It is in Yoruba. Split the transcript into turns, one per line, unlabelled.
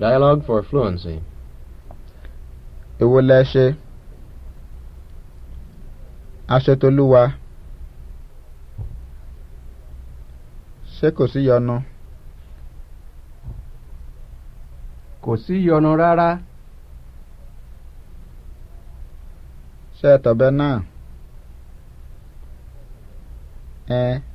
Dialogue for fluency.
Èwo lẹ ṣe? Aṣetolúwa. Ṣé kò sí yọnu?
Kò sí yọnu rárá. Ṣé ẹ tọ̀bẹ náà? Ẹ.
Eh.